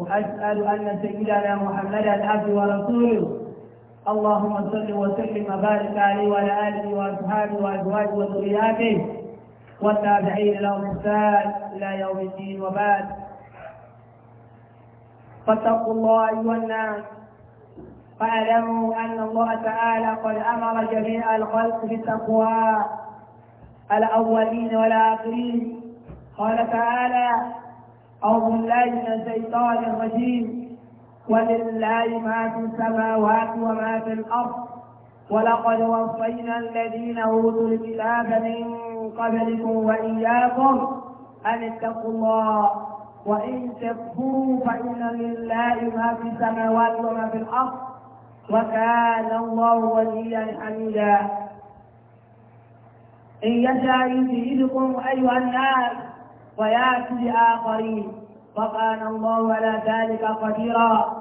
وأسأل أن سيدنا محمدا عبده ورسوله اللهم صل وسلم وبارك عليه وعلى آله وأصحابه وأزواجه وذرياته والتابعين لهم إحسان إلى يوم الدين وبعد فاتقوا الله أيها الناس فاعلموا أن الله تعالى قد أمر جميع الخلق بالتقوى الأولين والآخرين قال تعالى أو بالله من الشيطان الرجيم ولله ما في السماوات وما في الأرض ولقد وصينا الذين أوتوا الكتاب من قبلكم وإياكم أن اتقوا الله وإن تكفروا فإن لله ما في السماوات وما في الأرض وكان الله وليا حميدا إن يشاء يذهبكم أيها الناس ويأتي بآخرين وكان الله على ذلك قديرا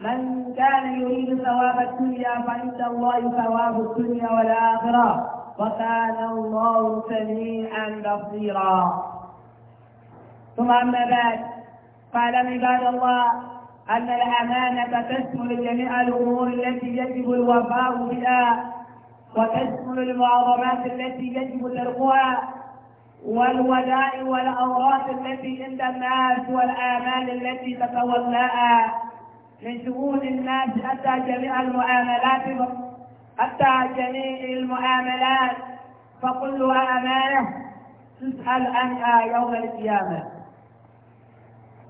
من كان يريد ثواب الدنيا فعند الله ثواب الدنيا والآخرة وكان الله سميعا بصيرا ثم أما بعد فاعلم عباد الله أن الأمانة تشمل جميع الأمور التي يجب الوفاء بها وتشمل المعظمات التي يجب تركها والودائع والاوراق التي عند الناس والآمال التي تتولاها من شؤون الناس حتى جميع المعاملات حتى جميع المعاملات فكلها أمانة تسأل عنها يوم القيامة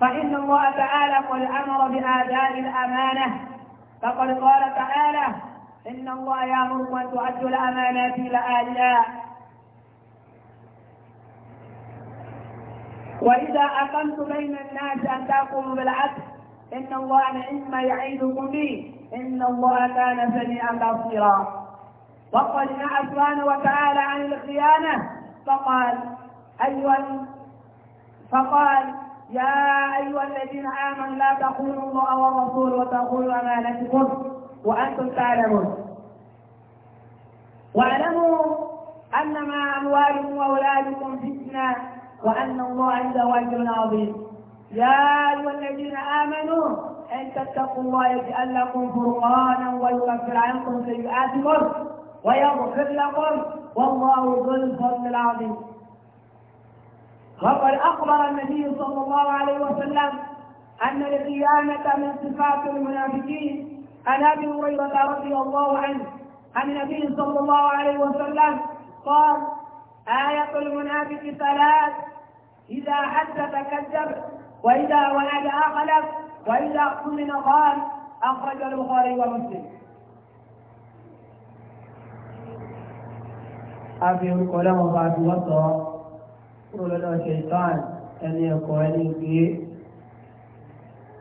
فإن الله تعالى قد أمر بأداء الأمانة فقد قال تعالى إن الله يأمركم أن تعدوا الأمانات إلى أهلها وإذا أقمت بين الناس أن تقوموا بالعدل إن الله نعم يعيدكم به إن الله كان سميعا بصيرا وقد نهى سبحانه وتعالى عن الخيانة فقال أيها فقال يا أيها الذين آمنوا لا تخونوا الله والرسول وتقولوا أمانتكم وأنتم تعلمون واعلموا أنما أموالكم وأولادكم فتنة وأن الله عنده أجر عظيم يا أيها الذين آمنوا إن تتقوا الله يجعل لكم فرقانا ويكفر عنكم سيئاتكم ويغفر لكم والله ذو الفضل العظيم وقد أخبر النبي صلى الله عليه وسلم أن الخيانة من صفات المنافقين عن أبي هريرة رضي الله عنه عن النبي صلى الله عليه وسلم قال آية المنافق ثلاث إذا حدث كذب وإذا وعد أخلف وإذا اؤتمن خان أخرج البخاري ومسلم àfi orúkọ lẹ́wọ̀n bá fi wọ́n sọ kúrò lọ́dọ̀ ṣèǹtàn ẹni ẹ̀kọ́ ẹni ìgbé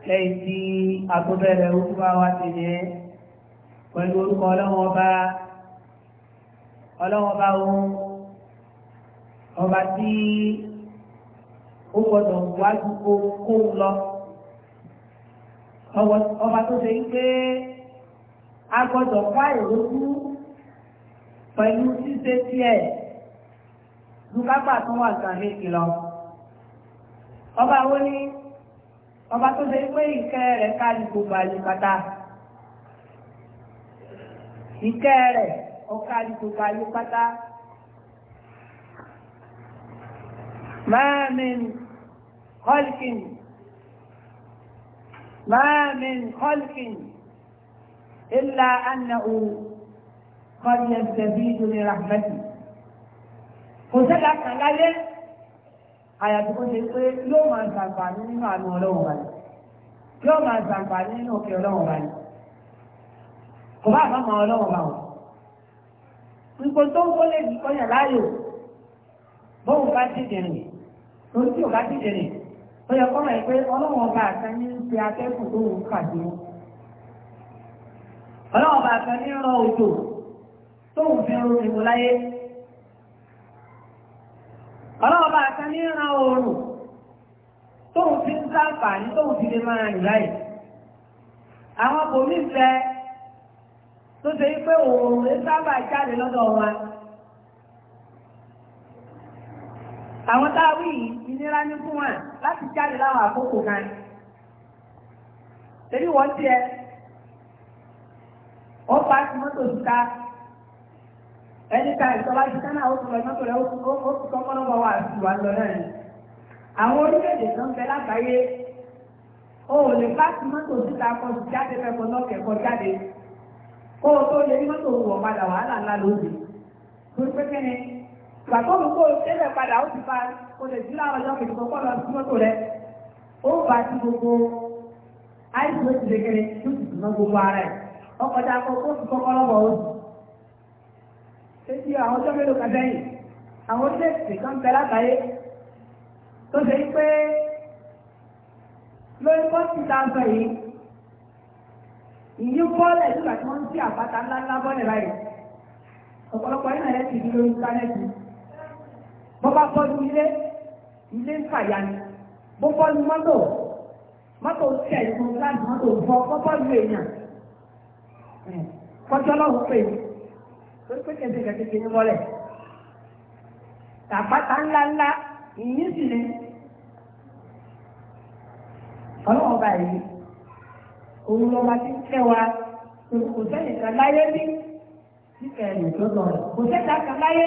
lẹ́yìn tí agbóbẹ̀rẹ̀ orúkọ bá wá ti yẹ pẹ̀lú orúkọ ọlọ́wọ́n bá ọlọ́wọ́n bá ohun ọba tí ó gbọ́dọ̀ wájú ohunkóhun lọ ọba tó ṣe pé a gbọ́dọ̀ ká ìrókú pẹ̀lú ṣíṣe tiẹ̀ lukápá tó wà ọba wo ni ọba tó ṣe pé ìkẹ́ rẹ̀ káàdì gbogbo àyíkàtà ìkẹ́ rẹ̀ ọ̀káàdì gbogbo خلق ما من خلق إلا أنه قد يستفيد لرحمته فسأل أكثر لك àyàtí kó ṣe pé yóò máa ṣàǹfààní nínú àánú ọlọ́run báyìí yóò máa ṣàǹfààní nínú òkè ọlọ́run báyìí kò bá àbá máa ọlọ́run bá wọn. ipò tó ń kólé ìkọyàn láàyò bóun bá ti dìrìn tó tí ò bá ti dìrìn ó yẹ kọ́mọ̀ ẹ̀ pé ọba àkan ní ti akẹ́kọ̀ọ́ tó ń pàdé ọba òjò tó ń fi rún ìmú láyé ọlọ́run ọba rán fi ń sáǹfààní tó ń fi lè máa rìn láyé àwọn kò ní tó ṣe pé òòrùn sábà jáde lọ́dọ̀ àwọn táwí ìnira ní fún wọn láti jáde láwọn àkókò kan torí wọ́n tiẹ̀ ó pa sí mọ́tò síta ẹni ka ìjọba síta náà ó sọ̀rọ̀ mọ́tò rẹ̀ ó sọ kọ́nọ́bọ̀ wà wà lọ náà àwọn orílẹ̀-èdè kan bẹ lágbàáyé o ò lè pa sí mọ́tò síta kọ sí jáde fẹ́ lọ́kẹ̀ kọ jáde kó o tó lè rí mọ́tò wọ̀ padà wàhálà ńlá lóde torí kẹ́ni gbàtọ́ mi kó ẹ̀fẹ̀ padà ó ti bá o lè dúró àwọn ọjọ́ kejì kọ́kọ́ lọ sí mọ́tò rẹ ó bá ti gbogbo àìsàn ó ti lè kéré tó ti dùn náà gbogbo ara ẹ̀ ọkọ̀ dà kó ó ti kọ́kọ́ lọ́wọ́ ó sì. ṣé ti àwọn ọjọ́ mélòó kan sẹ́yìn àwọn orílẹ̀-èdè kan bẹ lágbàáyé tó ṣe pé lórí bọ́ọ̀sì tá a sọ yìí ìyí bọ́ọ̀lẹ̀ nígbà tí wọ́n ń sí àpáta ńláńlá bọ́ọ̀lẹ̀ báyìí ọ̀pọ̀lọpọ̀ yìí náà yẹ ti di lórí íńtánẹ́ẹ̀tì bó bá bọ́lú ilé ilé ń fàyà ni bó bọ́lú mọ́tò mọ́tò tẹ̀ ìlú láti mọ́tò bọ́ bó bọ́lú èèyàn kọjọ́ lọ́wọ́ pé torí pé kẹ̀kẹ́ kẹ̀kẹ́ ní wọlé tàpátá ńláńlá ìyín sì ni ọlọ́wọ́ báyìí òun ló máa ti ń tẹ́ wa kò sẹ́yìn kan láyé bí kíkẹ́ ẹ̀yìn tó lọ rẹ̀ kò sẹ́yìn kan láyé.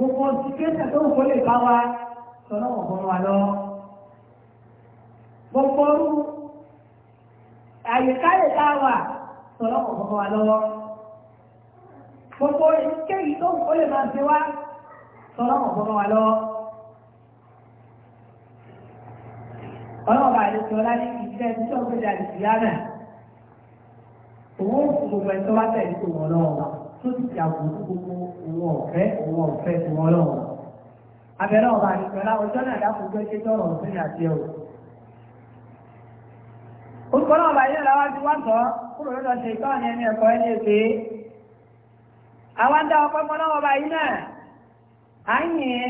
gbogbo sikẹ́tà tó kò lè bá wa sọ̀rọ̀ ọ̀gbọ́n wa lọ. gbogbo àyíká lè bá wa sọ̀rọ̀ ọ̀gbọ́n wa lọ́wọ́. gbogbo èyíkéyìí tó kò lè máa ṣe wá sọ̀rọ̀ ọ̀gbọ́n wa lọ́wọ́. ọlọ́ọ̀bà àlejò ọlá ní ìṣẹ́ tí ó gbé jáde sí yánà. òun ò fún gbogbo ẹni tó bá tẹ̀lé tó wọ́n lọ́wọ́ wa. tó ti yàgò fún gbogbo òun ọ̀fẹ́ òun ọ̀fẹ́ tí wọ́n lọ́wọ́. abẹ́rẹ́ ọba àdìsọ́lá ọjọ́ náà dákúnjọ́ ṣe tọrọ ọ̀sẹ̀ àti ẹ̀wò. orúkọ náà ọba ilé làwọn wá sọ kúrò lọ́dọ̀ ṣe ìtọ́ ní ẹni ẹ̀kọ́ ẹni èké. àwọn ọba náà à ń yìn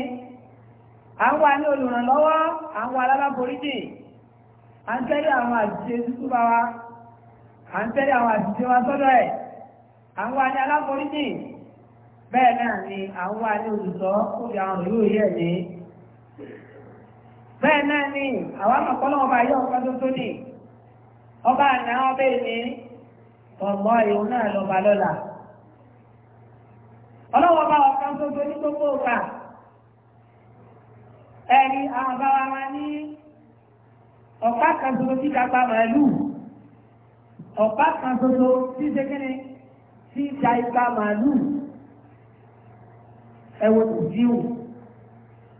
à ń wà ní olùrànlọ́wọ́ à ń wà à ń tẹ́lẹ̀ àwọn àwọn àní aláforíjì bẹ́ẹ̀ náà ni àwọn àní olùsọ́ ó fi àwọn ìlú yẹ̀ ní bẹ́ẹ̀ náà ni àwọn àmọ̀kọ́lọ́ ọba yọ ọ̀pá tó tó ní ọba àná ọbẹ̀ ní ọ̀gbọ́n ìhun náà lọ́ba lọ́la ọlọ́wọ́ bá ọ̀kan tó tó ní gbogbo ọ̀gbà ẹni àwọn bá wa máa ní ọ̀pá kan tó tí kápá màálù ọ̀pá kan tó tí ṣe kíni tí ìjà ipá màálù ẹ̀wọ̀n tó díwù.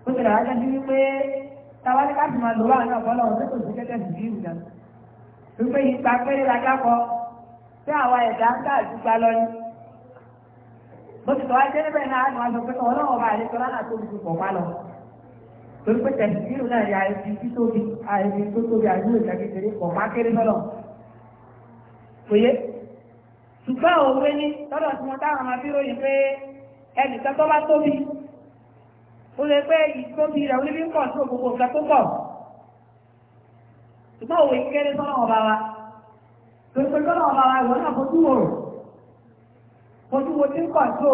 Ó ti rà wájú wípé táwa ní káàtì máa lò wá náà bọ́lá tó ti kẹ́kẹ́ sí díwù náà. Wípé ipa péré la dákọ̀ tí àwa ẹ̀dá ń gbà Mo tọ́wá jẹ́ níbẹ̀ náà àwọn aṣọ pé ọlọ́run ọba àlejò lánàá tó ti pọ̀ pa lọ. Torí pé tẹ̀síìrù náà ni àìsí títóbi àìsí tó àìsí kékeré pọ̀ ṣùgbọ́n òwe ní lọ́dọ̀ tí wọ́n táwọn máa bí ròyìn pé ẹnìkan tó bá tóbi ó lè pé ìtóbi rẹ̀ ó lè fi ń pọ̀ sí òkòkò nǹkan tó pọ̀ ṣùgbọ́n òwe kéré sọ́nà ọba wa gbogbo sọ́nà ọba wa ìwọ náà fojú wò fojú wo tí ń pọ̀ tó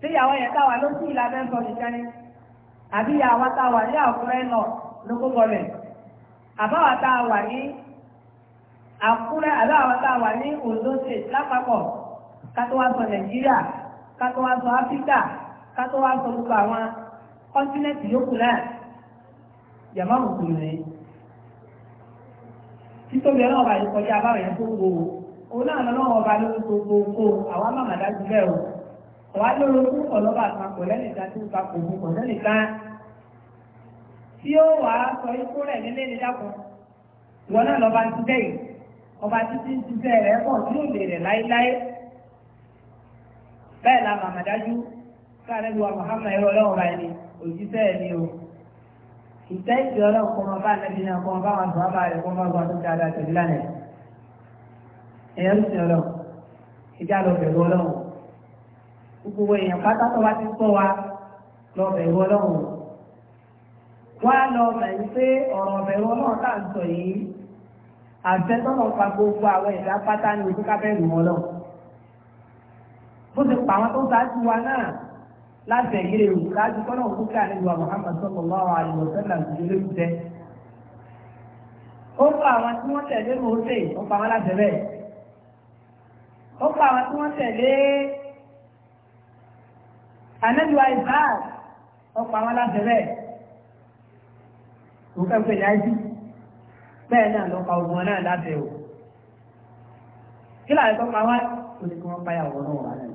ṣé ìyàwó yẹn táwa ló sí ìlànà ẹ̀sọ́ nìkan ni àbí ìyàwó táwa ní àkúrẹ́ náà ló kó gọlẹ̀ àbáwá táwa ní àkúrẹ́ àbí àwọn tá a wà ní Ondo state lápapọ̀ kátó wá sọ nàìjíríà kátó wá sọ áfíríkà kátó wá sọ gbogbo àwọn kọ́ńtínẹ́ǹtì yòókù náà yàmá mùsùlùmí títóbi ọlọ́wọ́ bá yìí kọjá abáwọ̀ yẹn tó gbòòrò òun náà lọ́wọ́ bá lórí gbogbo oko àwọn amàmàdá ti bẹ́ẹ̀ o ọ̀wá lórí ojú ọlọ́ba kan kò lẹ́nìkan tí ó ta kò mú kò lẹ́nìkan tí ó wàá sọ ikú rẹ̀ nílé ní dàpọ̀ ìwọ náà lọ́ba ti bẹ́ẹ̀ ọba títí ti ṣiṣẹ́ pọ̀ tí ò lè rẹ̀ láéláé bẹ́ẹ̀ la màmá dájú káàdẹ́bí wa Muhammad ẹ̀rọ ọlọ́run ra ẹni o ìtẹ́ ìdí ọlọ́run kọ́ ọmọ bá ẹni náà kọ́ ọmọ bá wọn sọ̀rọ̀ bá rẹ̀ kọ́ ọmọ tó ti ara tẹ̀lé lánàá ẹ̀yẹ́ ọlọ́run ìjà lọ bẹ̀rù ọlọ́run gbogbo èèyàn ti sọ wa lọ bẹ̀rù ọlọ́run wá lọ pé àtẹ́tọ́nà pa gbogbo àwọn ìdá pátá ní ojú kábẹ́ẹ̀lì wọn lọ. bó ti pa àwọn tó ń sáájú wa náà láti ẹ̀yẹ́rẹ́ òkú láti tọ́nà òkú kí àlejò Muhammad sallallahu alaihi wasallam ìdílé ló jẹ́. ó pa àwọn tí wọ́n tẹ̀lé mọ́tẹ́ ó pa wọn láti bẹ́ẹ̀. ó pa àwọn tí wọ́n tẹ̀lé ànábì wa ó pa wọn láti bẹ́ẹ̀. òun pè ní àìsí bẹ́ẹ̀ náà ló pa ogun náà lábẹ́ o kí láàrín tó pa wá ó ní kí wọ́n páyà wọ́n náà wà náà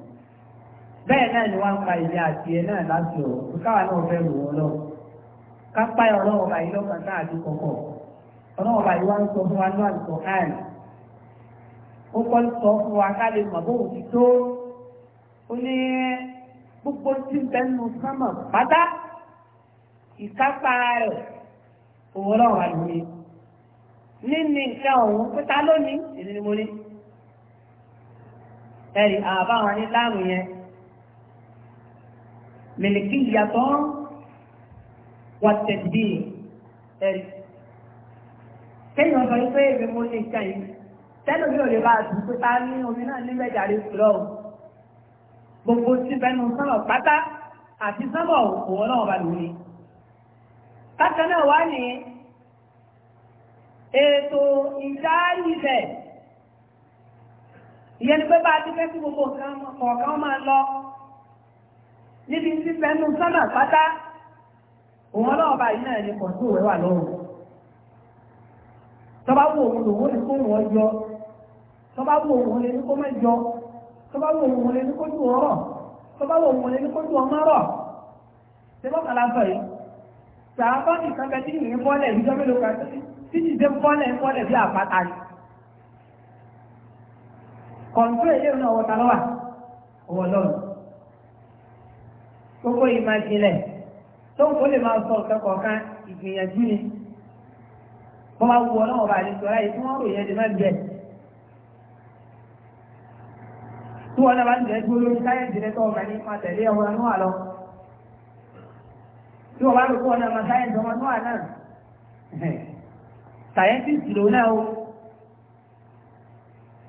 bẹ́ẹ̀ náà ni wọ́n ń pa ìdí àti ẹ̀ náà láti ọ̀ káwa náà fẹ́ rò wọ́n lọ ká páyà ọlọ́wọ́ bá yìí lọ́kàn náà àti kọ̀kọ̀ ọlọ́wọ́ bá yìí wá ń sọ fún wa ní àlùkò hàn ó kọ́ sọ fún wa ká lè mọ̀ bóun ti tó ó ní gbogbo tí ń bẹ nínú sánmà pátá níní nǹkan ọ̀hún pé ta ló ní èdè ni mo ní ẹ̀rì àbáwọn ní láàmù yẹn mìlìkì ìyàtọ̀ wà tẹ̀síbí ẹ̀rì kéèyàn sọ pé èmi mo ní nǹkan yìí tẹ́lẹ̀ mi ò lè bá a dùn pé ta ní omi náà ní mẹ́jàre fúlọ́ gbogbo tí bẹnu sọ̀rọ̀ pátá àti sọ́mọ̀ òkú ọlọ́run bá lò ní. náà wá nìyẹn ètò ìdáríbẹ̀ ìyẹn ni pé bá a ti fẹ́ sí gbogbo kọ̀ọ̀kan máa lọ níbi tí fẹ́nu sọ́nà pátá òun ọlọ́ọ̀bá yìí náà ni pọ̀tù rẹ̀ wà lọ́rùn tọ́ba wo òun lòun ní kó wọ́n yọ tọ́ba wo òun lè ní kó mẹ́jọ tọ́ba wo òun lè ní kó ju ọ̀rọ̀ tọ́ba wo òun lè ní kó ju ọmọ rọ̀ ṣé bọ́kàlá sọ yìí sàábà nìkan bẹ tí ìyẹn bọ́lẹ̀ ìjọ mélòó kan tí ìdè bọ́lẹ̀ bọ́lẹ̀ bí àpáta ni. kọ̀ǹtó ilé náà wọ́ta lọ́wà ọwọ́ lọ́nà. gbogbo ìmọ̀ ìjìnlẹ̀ tó ń kó lè máa sọ ọ̀kẹ́ kọ̀ọ̀kan ìgbìyànjú ni. bọ́ bá wù ọ náà wọ́n bá lè sọ ọ́ láyé tí wọ́n rò yẹn lè má bẹ̀. tí wọ́n náà bá ń jẹ́ gbólóhùn tí wọ́n bá lò fún ọ̀nà ọmọ sáyẹ́ǹsì ọmọ tó wà náà sáyẹ́ǹsì lò náà o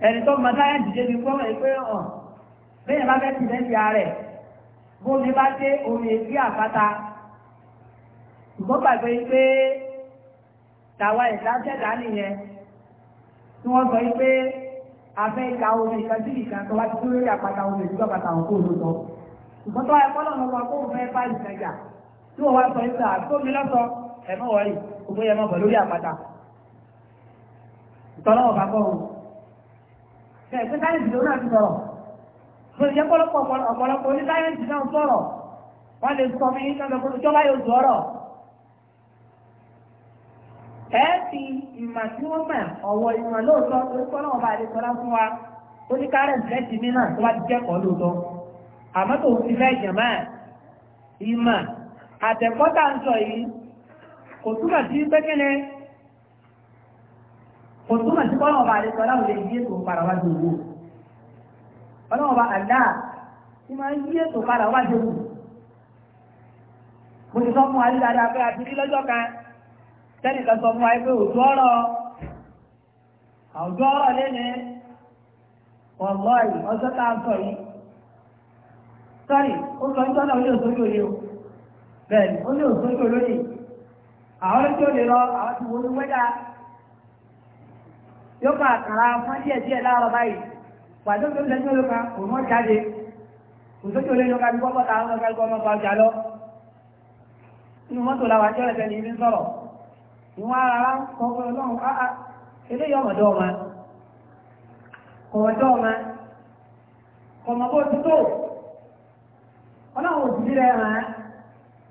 ẹni tó mọ sáyẹ́ǹsì débi fún ọmọ ìpé hàn bẹ́ẹ̀ bá fẹ́ ti lẹ́sì ààrẹ bómi bá dé omi èsì àpáta ṣùgbọ́n gbàgbé pé tàwa ìdásẹ̀dá nìyẹn tí wọ́n sọ pé afẹ́ ìka omi ìkan sí tó wá ti dúró lórí àpáta omi ìdúgbàpáta òkú òdòdó ṣùgbọ́n tó wá ẹ̀kọ́ lọ́nà ọkọ̀ òun fẹ́ bá ìtajà tí wọ́n wá sọ yín sọ àgbómi ah, lọ́sọ ẹ̀mọ́ wọ̀nyí gbogbo yẹn mọ̀ bọ̀ lórí àpáta ìtọ́lọ́ ọ̀bá kọ́ o ṣe ẹ̀gbẹ́ sáyẹ́ǹsì lórí àti sọ̀rọ̀ mo lè jẹ́ pọ́lọ́pọ̀ ọ̀pọ̀lọpọ̀ oní sáyẹ́ǹsì náà sọ̀rọ̀ wọ́n lè sọ mi nígbà gbogbo ìjọba yóò sọ̀rọ̀ ẹ fi ìmọ̀ tí wọ́n mọ̀ ọ̀wọ̀ ìmọ̀ lóòótọ́ torí pé ọlọ́run bá lè sọlá fún wa ó ní kárẹ̀ǹtì lẹ́tì mí náà tó bá ti kẹ́kọ̀ọ́ lóòótọ́ àmọ́ tòun ti fẹ́ jẹ̀mọ́ ìmọ̀ àtẹ̀kọ́ta ń sọ yìí kò túmọ̀ sí pẹ́kẹ́lẹ́ kò túmọ̀ sí bọ́lá ọba àdéṣọ aláwọ̀ lè ètò padà jòwó bọ́lá ọba àdá tí ma ń yí ètò padà jòwó mo ti sọ fún wa pé a rí lọ́jọ́ kan tẹ́nìkan sọ fún wa pé òjò ọ̀rọ̀ àwùjọ ọ̀rọ̀ lẹ́nu ọ̀lọ́ yìí ọjọ́ tá a sọ yìí sọ́rí ó sọ òye o. bẹ́ẹ̀ni ó ní òṣèlú lónìí àwọn tí ó lè lọ àwọn tí wọ́n wẹ́dà yóò máa kàrà fún díẹ̀ díẹ̀ báyìí pàdé tó lẹ́nu ló ka jáde bí ọmọ lọ inú mọ́tò làwọn àti ọ̀rẹ́ tẹ̀lé ibi ń sọ̀rọ̀ ìwọ̀n ara ọmọdé ah, ah, ọmọ ọmọ bó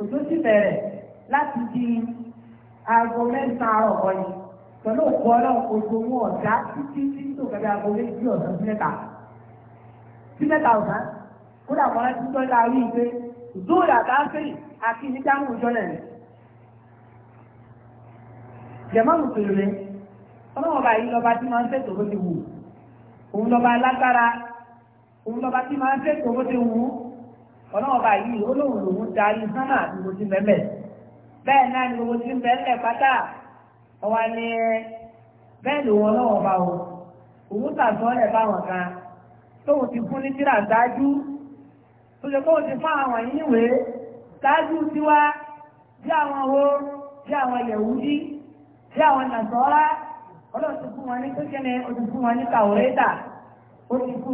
òjò sì bẹ̀rẹ̀ láti di aago mẹ́ta ọ̀pọ̀ yìí pẹ̀lú òkú ọlọ́run ojú owó ọ̀dá títí tí tó kẹ́kẹ́ aago méjì ọ̀sán sí mẹ́ta sí mẹ́ta ọ̀sán ó dà wọ́n ti tọ́jú àrí ìgbé zóòlà bá ń fèrè àti ìníjàmù ìjọlẹ̀ rẹ̀. jẹ̀mọ́ mùsùlùmí ọlọ́wọ́n bá yìí lọ́ba tí máa ń fètò bó ti wù òun lọ́ba alágbára òun lọ́ba tí máa ń fètò bó ti wù ú. ọlọ́wọ́ yìí olóhùn lòun darí sánà àti gbogbo ti mẹ́mẹ́ bẹ́ẹ̀ náà ni gbogbo ti mẹ́mẹ́ pátá ọwọ́ ni bẹ́ẹ̀ lòun ọlọ́wọ́ bá wọn òun tàbọ́lẹ̀ báwọn kan ti fún ní tíra dájú tó ṣe ti fún àwọn dájú tiwa bí àwọn wo bí àwọn bí àwọn fún wọn ní kékeré ti fún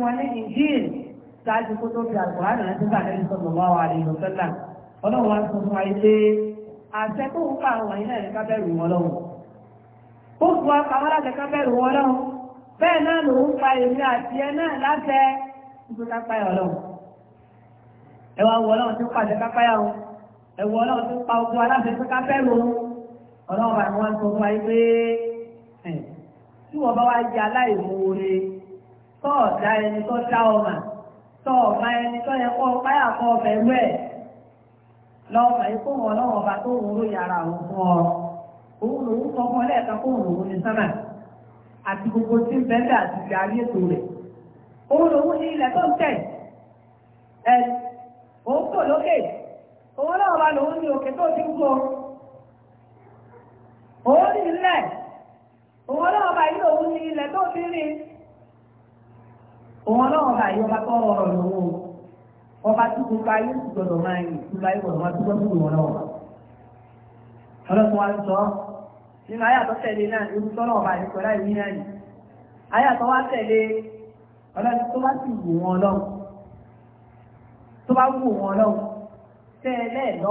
wọn ní ṣáájú kó tó fi àgbọ̀hánà láti bá àlẹ́ sallallahu alaihi wa sallam ọlọ́run wá sọ fún wa pé àṣẹ tó ń pa àwọn ilé ẹ̀ka bẹ̀rù wọn lọ́wọ́ ó fún wa láti wọn lọ́wọ́ bẹ́ẹ̀ náà ló ń pa èmi àti ẹ náà ọlọ́run ẹ wá wọ ọlọ́run tó pàṣẹ wọn ẹ wọ ọlọ́run tó pa ogun aláṣẹ tó wọn ọlọ́run tọ́ ọ̀pá ẹni tọ́ yẹ kọ́ ọ̀pá àkọ́ ẹ̀ lọ́ọ̀pá ikú wọn lọ́wọ́ ọba tó wúrú yàrá òun fún ọ òun lòun sọ fún ọlẹ́ẹ̀kan kó òun lòun ní sánà àti gbogbo tí ń bẹ́ẹ̀ àti ìgbà ayé ètò rẹ̀ òun lòun ní ilẹ̀ tó ń tẹ̀ ẹ̀ òun kò lókè òun lọ́wọ́ ọba lòun ní òkè tó ti ń kó òun ní ilẹ̀ òun lọ́wọ́ ọba ilé òun ní ilẹ̀ tó ti rìn òun ọlọ́wọ́ bá yọ ọba tó rọrọ̀ ọba tí kò gbọdọ̀ máa yìí tí bá gbọdọ̀ máa dúpọ́ náà sọ nínú ayàtọ̀ ọba náà yìí ayàtọ̀ wa tẹ̀lé tó bá sì wù wọn lọ́wọ́ tó bá wù wọn lọ́wọ́ lọ́rọ̀ lè kó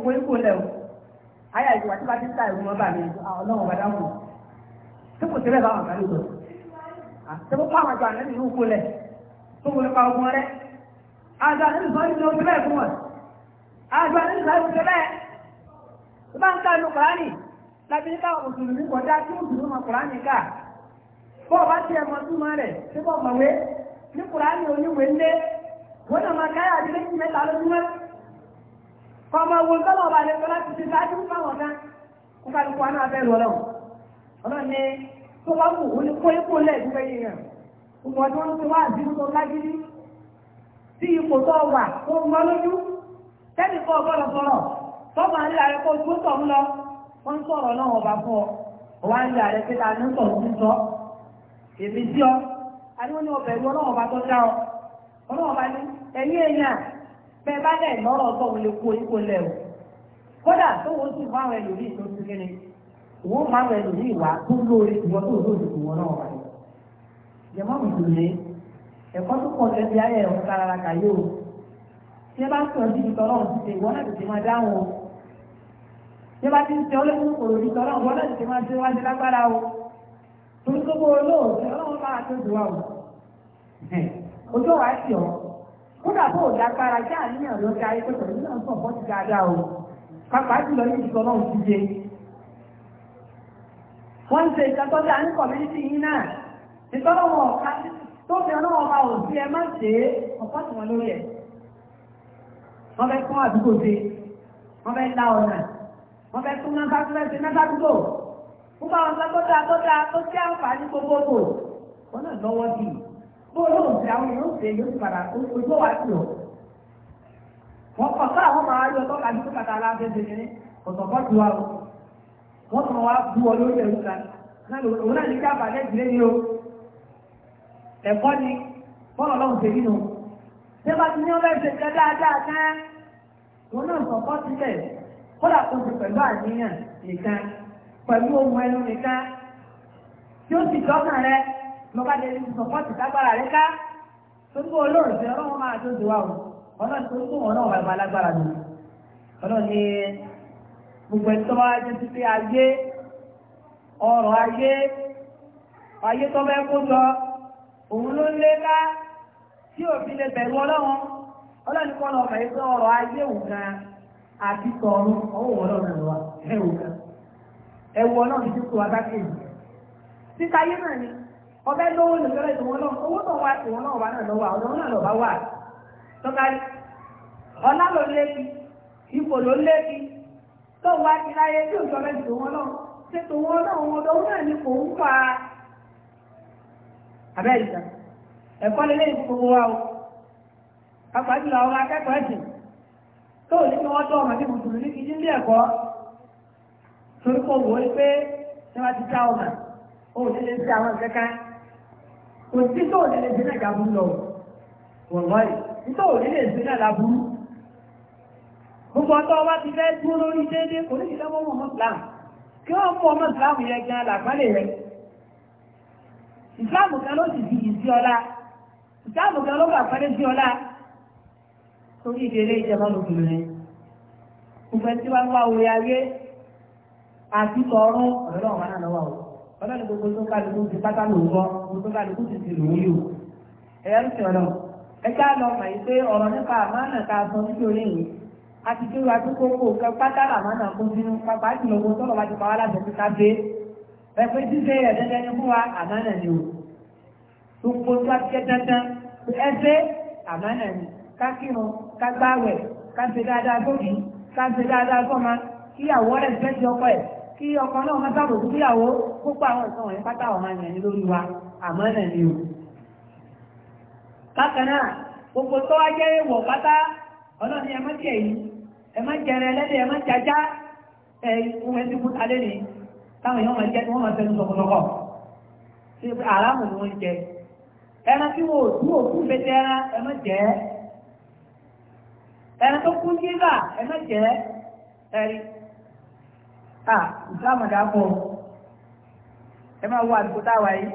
gbogbo lẹ̀ o tí bá ti àtẹ́wọ́ pàwọn àjọ àlẹ́ nínú oko lẹ̀ tó wọlé pa ogun rẹ̀ àjọ àlẹ́ nìkan ní oṣù bẹ́ẹ̀ fún wọn àjọ àlẹ́ nìkan ní oṣù bẹ́ẹ̀ tó bá ń ká inú kùránì lábí ní káwọn mùsùlùmí kọjá tí mùsùlùmí mọ kùránì ká bọ́ọ̀ bá tiẹ̀ mọ túmọ̀ rẹ̀ tí bọ́ọ̀ mọ̀wé ní kùránì oníwèé ńlé wọ́n náà máa káyà àdílé sí mẹ́ta lójúmọ́ kọmọ owó tó bá wù ú ní kó ipò lẹ́ẹ̀dúgbẹ́ yìí hàn gbogbo ọdún wọn ti wá àdínú tó lágídí tí ipò tó wà tó ń gbọ́ lójú tẹ́lẹ̀ kọ́ lọ wọ́n náà ọba fún ọ wá ń lè pé ta ní sọ̀rọ̀ ọ ní ọbẹ̀ náà ọba ọ ẹ̀yìn èèyàn bá lẹ̀ lọ́rọ̀ lè kó ipò o kódà tó sì fún àwọn ẹlòmíì wọ́n máa ń rẹ̀ lórí ìwà tó lóore ìwọ́n tó lóore kò wọ́n náà wáyé. Ìjọba òṣèlú ẹ̀kọ́ tó pọ̀ lẹ́bi ayé ẹ̀rọ kárakára yóò. Tí ẹ bá ń sọ̀rọ̀ sí ìtọ́ náà ti ṣe ìwọ́n náà tètè máa dáhùn o. Tí ẹ bá ti ń tẹ ọlẹ́kùn kòrò ìtọ́ náà wọ́n náà tètè máa ṣe wájú lágbára o. Torí tó bó olóòtú ọlọ́run bá a tó dùn wá o. Ojú ọ̀wá ti ọ̀. Kódà bó o lágbára jẹ́ àníyàn ló ń darí pẹ̀lú náà sọ̀pọ̀ ti dáadáa o. Pàpà jùlọ ní ìtọ́ náà ti ṣe wọ́n ń ṣe ìtàkọ́jà ní kọ̀míníìtì yìí náà nítorí wọn ọ̀ka tó fi ọ̀nà ọba ò sí ẹ má ṣe é ọ̀pọ̀ tí wọ́n lórí ẹ̀. wọ́n fẹ́ kún àdúgbò ṣe wọ́n fẹ́ la ọ̀nà wọ́n fẹ́ kún náà bákúrẹ́ ṣe náà bákúgbò. wọ́n bá wọn sọ tó dáa tó dáa tó jẹ́ àǹfààní gbogbogbò wọ́n náà lọ́wọ́ sí i bó lóun ṣe àwọn yóò ṣe yóò ti padà ojú wa sí ọ. wọ́n kọ̀ sọ́ àwọn máa wọ́n tún wá bú ọ lórí ẹ̀rú kan náà òun náà ní ká bàjẹ́ ìdílé ni o ẹ̀kọ́ ni bọ́ọ̀lù ọlọ́run ṣe nínú ṣé bá ti ní ọlọ́run ṣe jẹ́ dáadáa kan òun náà sọ̀kọ́ sílẹ̀ kódà kò sì pẹ̀lú àníyàn nìkan pẹ̀lú ohun ẹnu nìkan tí ó sì dọ́kàn rẹ lọ́ba lè ní sọ̀kọ́ sì lágbára rẹ ká torí pé olóòrùn ṣe ọlọ́run máa tó ti wá o ọlọ́run tó ń kó ọlọ́run gbogbo ẹ̀tọ́ ayé ọrọ̀ ayé ayé tó bẹ́ kó jọ òun ló lé ká tí òfin lè bẹ̀rù ọlọ́run ọlọ́run kọ́ lọ bẹ̀rẹ̀ sí ọrọ̀ ayé òun kan àti tọ̀ọ̀run ọwọ́ ọlọ́run wa ẹ̀wò kan ọlọ́run ti kó adáké yìí títa ayé náà ni ọbẹ̀ lówó lè fẹ́rẹ̀ owó wá náà wà náà tó wá ti láyé tí òjò rẹ̀ dùn wọn náà ṣe tò wọn náà wọn lọ náà ni kò ń fa abẹ́ ìjà ẹ̀kọ́ lélẹ́ ìfowó wa o apàdé àwọn akẹ́kọ̀ọ́ ẹ̀sìn tó ní kí wọ́n tọ́ ọmọ tí mùsùlùmí ní kìí ní ẹ̀kọ́ torí kò wò ó pé ṣé wọ́n ti dá ọmọ ó ní lè ṣe àwọn kankan kò sí tó ní lè ṣe náà ìjà burú lọ wọ̀n yìí tó ní lè ṣe náà láburú. gbogbo ọtọ wa ti fẹ́ dúró lórí déédéé kò ọmọ kí wọ́n mú ọmọ ìsìláàmù yẹn gan làgbálẹ̀ rẹ̀ ìsìláàmù kan ló sì di ìsí ọlá kan ló sí ọlá torí gbogbo ọ̀rẹ́ gbogbo tó kálukú ti pátá lòókọ́ gbogbo kálukú ti o ń sọ̀rọ̀ ẹ àti tó wà tó kókó kan pátá làwọn náà kó sínú pàpà jùlọ owó tọ́lọ̀ bá ti pa wá láti ọ̀pẹ́ káfíé ẹ̀pẹ́ ṣíṣe rẹ̀ dandan ni fún wa àmánà ni o tó kó tó àtijọ́ dandan ẹsẹ̀ àmánà ni kákìrun kágbáwẹ̀ káṣe dáadáa sóbì káṣe dáadáa sọ́ma kíyàwó rẹ̀ fẹ́ẹ́ ti ọkọ ẹ̀ kí ọkọ náà má sábò fún kíyàwó kópa àwọn ìsan wọ̀nyí pátá ọ̀hán yẹn ni lórí wa àmánà ni o. bákan náà ọlọ́ni ẹ má jẹ yìí ẹ má jẹrẹ ẹlẹ́dẹ̀ ẹ má jajá ẹ ohun ẹtí fún alẹ́ ni táwọn èèyàn máa wọ́n máa sọ̀kọ̀sọ̀kọ̀ ṣe pé ni wọ́n jẹ ẹran tí wọn ò tú òkú fẹsẹ̀ ẹran ẹ má ẹran tó ẹ má ẹrí à ìsìlámù pọ̀ ẹ wọ àdúgbò táwa yìí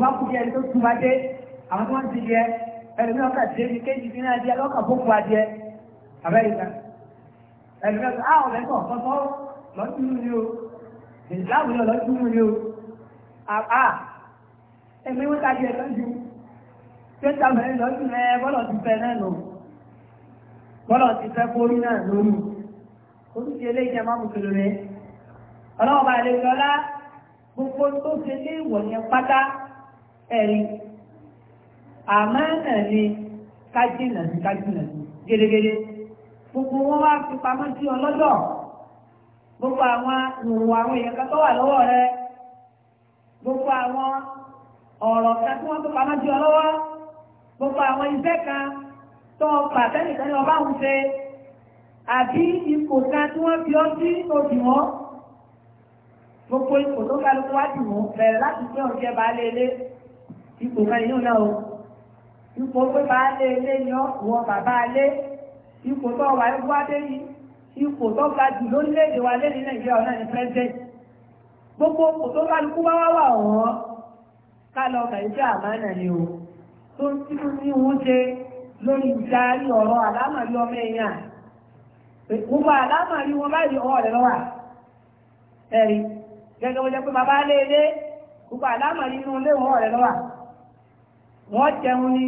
bá kú bí ẹni tó dé àwọn tó wọ́n ti jẹ ẹni tó wọ́n kà àbẹ́ ìta ẹ̀rọ àwọn lẹ́kọ̀ọ́ kọ́kọ́ lọ́túnú ni o ìsìláàmù náà lọ́túnú ni o àbá ẹgbẹ́ wọ́n kájí ẹ̀ lọ́jú tó ń tàbí ẹ̀ lọ́jú ẹ bọ́lọ̀ ti fẹ́ náà lò bọ́lọ̀ ti fẹ́ kórí náà lórí oríṣi eléyìí jẹ́ máa mú kiri rẹ̀ ọlọ́wọ́ bá lè lọ́lá gbogbo tó ṣe lé ìwọ̀ yẹn pátá ẹ̀rí àmọ́ náà ni kájí náà sí kájí náà sí gédégédé gbogbo wọn wá fi pamọ́ sí ọ lọ́dọ̀ gbogbo àwọn ìwò àwọn èèyàn kan tó wà lọ́wọ́ rẹ gbogbo àwọn ọ̀rọ̀ kan tí wọ́n tó pamọ́ sí ọ lọ́wọ́ gbogbo àwọn iṣẹ́ kan tó ọkọ̀ àtẹ́nìkan ní ọba ń ṣe àbí ipò kan tí wọ́n fi ọ sí òdì wọn gbogbo ipò tó kálukú wá dì wọn bẹ̀rẹ̀ láti pé òun jẹ́ baálé ilé ipò kan ìlú náà o ipò pé baálé ilé ni ọ wọ bàbá ilé ipò tó wà ẹ́ wá yìí ipò tó ga jù lórílẹ̀-èdè wa lé ní nàìjíríà ọ̀nà ní president gbogbo ipò tó bá kú wá wà wọ́n ká lọ kà iṣẹ́ àmánà ni o tó ń tí ní wọ́n ṣe lórí ìdarí ọ̀rọ̀ àlámàrí ọmọ èèyàn gbogbo àlámàrí wọn báyìí ọwọ́ rẹ̀ lọ́wà ẹ̀rí gẹ́gẹ́ bó jẹ́ pé bàbá lé ilé gbogbo àlámàrí inú ilé ọwọ́ rẹ̀ lọ́wà wọ́n jẹun ni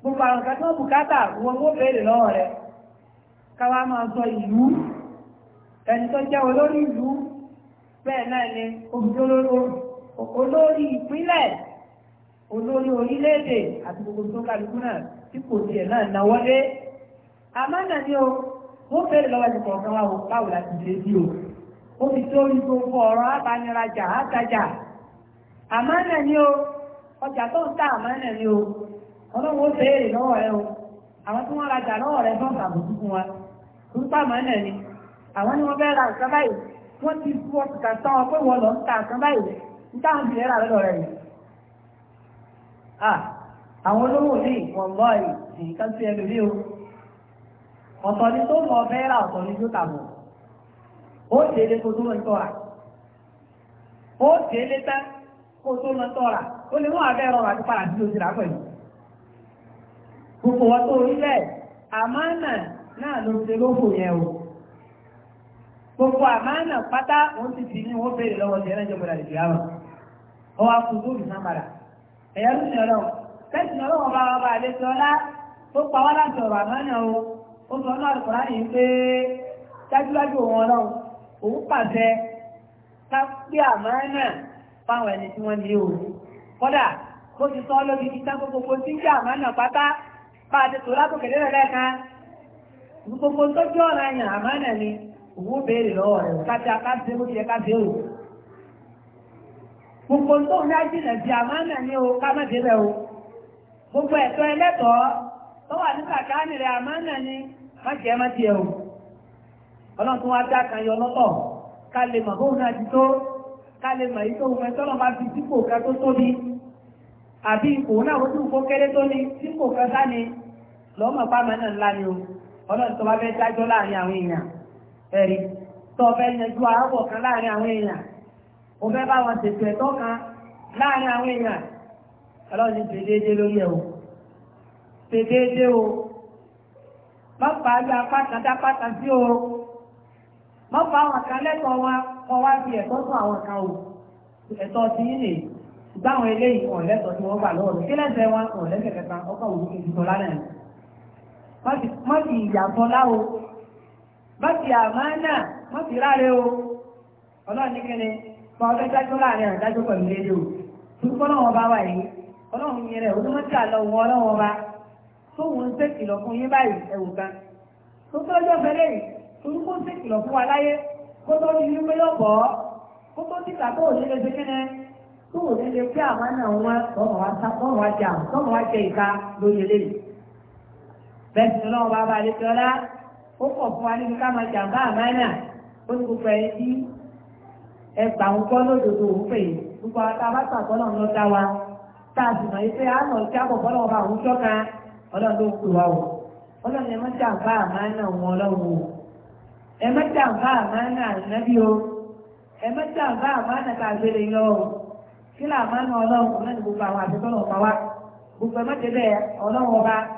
gbogbo àwọn kan bùkátà wọn ó béèrè lọ́wọ́ rẹ̀ káwá máa sọ ìlú ẹni tó jẹ́ olórí ìlú bẹ́ẹ̀ náà ni olórí ìpínlẹ̀ olórí orílẹ̀-èdè àti gbogbo tó kálukú náà tí kò tiẹ̀ náà o lọ́wọ́ ti kọ̀ọ̀kan wá báwo láti lè o ó fi gbogbo ọ̀rọ̀ abanirajà ni o ọjà tó ń ta àmánà ni o ọlọ́run ó lọ́wọ́ rẹ o àwọn ń pàmọ́ náà ni àwọn ni wọ́n fẹ́ ra nǹkan báyìí wọ́n ti fú ọkùnkà tán ọ pé wọ́n lọ ń ta nǹkan báyìí ń táwọn bìnrin rà lọ́dọ̀ rẹ̀ yìí. àwọn olówó ní wọ́n lọ nǹkan sí ẹlòmí o ọ̀tọ̀ ni tó mọ̀ fẹ́ ra ọ̀tọ̀ ni tó tà ó ṣe lé kó tó lọ tọ́ra ó ṣe lé tán kó tó lọ tọ́ra ó lè mú àbẹ́ rọrùn àti padà sí rà pẹ̀lú gbogbo wọn tó rí bẹ́ẹ̀ àmọ́ náà náà ló ṣe lófò yẹn o gbogbo àmàna pátá òun ti fi ní wọn béèrè lọ́wọ́ ti ẹlẹjọ gbọ́dọ̀ lè fi àwọn ọwọ́ akùnkùn òbí náà padà ẹyà ló ṣe Ọlọ́run tẹsán Ọlọ́run bá wọn bá àlẹ sọ ọlá tó pa wá láti ọ̀rọ̀ àmàna o ó sọ náà lùkọ́lá yìí pé dájúdájú òun Ọlọ́run òun pàṣẹ ká gbé àmàna fáwọn ẹni tí wọ́n ní o kódà bó ti sọ ọ lóbi kíkà gbogbo tọ́jú ọ̀rọ̀ ẹ̀yàn àmánà ni owó béèrè lọ́wọ́ rẹ̀ kájà káṣe ó yẹ káṣe o gbogbo tó ń dá jìnà sí àmánà ni o ká má débẹ̀ o gbogbo ẹ̀tọ́ ẹlẹ́tọ̀ọ́ tó wà ní kàkánì rẹ̀ àmánà ni má jẹ́ má tiẹ̀ o ọlọ́run tó wá dá kan yọ lọ́tọ̀ ká lè mọ̀ bóun náà ti tó ká lè mọ̀ ìtò òun ẹ̀tọ́ náà bá fi dípò ká tó tóbi àbí ipò náà ó tún kó kéré tó ní dípò kan ni lọ́mọ̀ pàmò náà ńlá ni o ọlọ́run tó bá fẹ́ dájọ́ láàrin àwọn èèyàn ẹ̀rí tó fẹ́ yanjú arábọ̀ kan láàrin àwọn èèyàn o fẹ́ bá wọn ṣètò ẹ̀tọ́ kan láàrin àwọn èèyàn ọlọ́run ti ṣe déédéé lórí ẹ̀ o ṣe déédéé o má fà á lọ apá kan dá apá kan sí o má fà àwọn kan lẹ́tọ̀ọ́ wa kọ́ wá fi ẹ̀tọ́ sún àwọn kan o ẹ̀tọ́ ti yín nìyí gbáwọn eléyìí ọ̀lẹ́tọ̀ọ́ tí wọ́n gbà lọ́wọ́ kí lẹ́sẹ̀ wọn ọ̀lẹ́sẹ̀ kẹta ọkọ̀ òwúrọ̀ ìdúgbò lánàá má fi ìyàtọ̀ láwo má fi àmánà má fi ráre o ọlọ́run ní kíni pa ọjọ́ dájọ́ láàrin àdájọ́ pẹ̀lú lédè o tùkọ́ náà wọn bá wà yìí ọlọ́run yẹn rẹ̀ olómọ́tì àlọ́ wọn ọlọ́run ọba tóun ń ṣèkìlọ̀ fún yín báyìí ẹ̀wù kan tó tọ́jọ́ fẹ́lẹ́ yìí torúkọ ń ṣèkìlọ̀ fún wa láyé kó tó ní wípé yóò bọ̀ bẹ́ẹ̀ sì lọ́wọ́ bá balẹ̀ tí ọlá ó pọ̀ fún wa níbi ká máa jàǹbá àmánà ó ti gbogbo ẹni tí ẹgbà ń gbọ́ lódodo òun pè é gbogbo àwọn tá a bá sàkọ́ wa tá a sì mọ̀ pé a bá òun ọlọ́run ló ń pè wá o ọlọ́run ẹ o ẹ má jàǹbá àmánà ànábì o ẹ má jàǹbá àmánà tá a o kí làmánà ọlọ́run ọlọ́run gbogbo àwọn gbogbo ẹ má ọlọ́run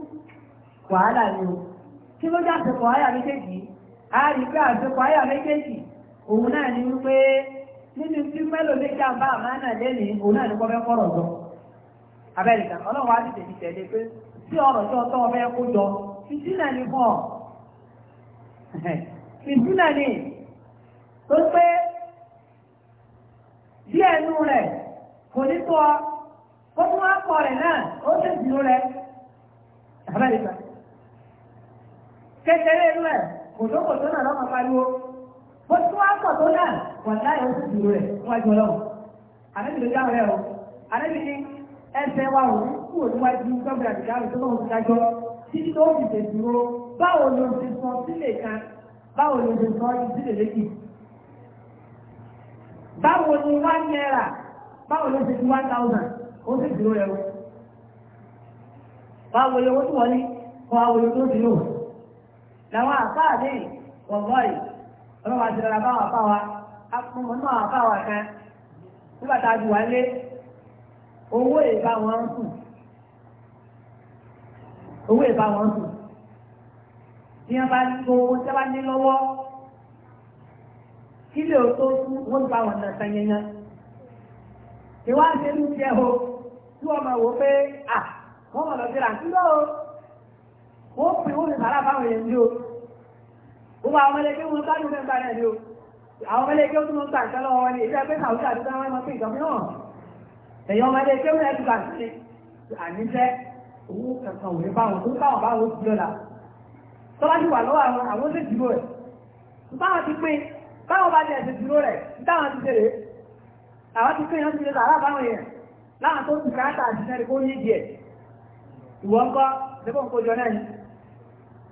wàhálà ni o kí ló dá àsopọ̀ àyà méjèèjì a rí pé àsopọ̀ àyà méjèèjì òun náà ni wípé nínú tí mélòó lè já bá àmà náà lẹ́nìí òun náà ni kọ́ fẹ́ kọ́rọ̀ jọ abẹ́rẹ́ta ọlọ́run wá ti tèmi tẹ̀lé pé tí tí ọtọ́ ọbẹ̀ kó jọ ni fún ọ fìtínà ni tó pé díẹ̀ nú rẹ̀ kò ní tọ́ ó tún wá pọ̀ rẹ̀ náà ó sì kékeré inú e, kòtòkòtò náà lọ́mọ pariwo bó pọ̀ tó náà wọ́n rẹ̀ àbẹ́bí ló dáhùn rẹ̀ o àbẹ́bí ní ẹsẹ̀ wa ò kú òníwájú gbọ́gbìnà ìdáhùn tó lóun ti dájọ́ títí tó fi tèdúró báwo ló ti sọ sílé kan báwo ló ti sọ sílé lékì báwo ni one naira báwo ló ti di one thousand ó sì dúró rẹ̀ o làwọn àfáà ní wọ̀nbọ́ọ̀lì ọlọ́wọ́ àti rárá báwọn àfáà wa mọ̀mọ́ náà àfáà wa kan nígbà ju wá owó ìbá wọn ń sùn owó ìbá wọn ń sùn tí wọ́n bá tó tí wọ́n bá ní lọ́wọ́ kílè ó tó sún wọ́n bá wọn náà sanyẹnyẹ ìwádìí ń tiẹ̀ o tí wọ́n máa wò pé à wọ́n máa lọ sí ra ńlọ o. wọ́n fi fáwọn èèyàn ní o gbogbo àwọn ọmọlẹ́gbẹ́ wọn fẹ́ ní o àwọn ọmọlẹ́gbẹ́ ó tún mọ́ gbà ìtẹ́lọ́ wọn ní ilé-ẹgbẹ́ sàwùjọ àti sáwọn ẹmọ sí ìjọba náà ẹ̀yọ́ ọmọlẹ́gbẹ́ wọn ẹ̀dùn ụmụ ti àníṣẹ́ owó kankan òwe báwọn tó báwọn báwọn ti lọ́la tọ́lá ti wà lọ́wọ́ àwọn àwọn báwọn ti pín báwọn bá ti dúró rẹ̀ ti àwọn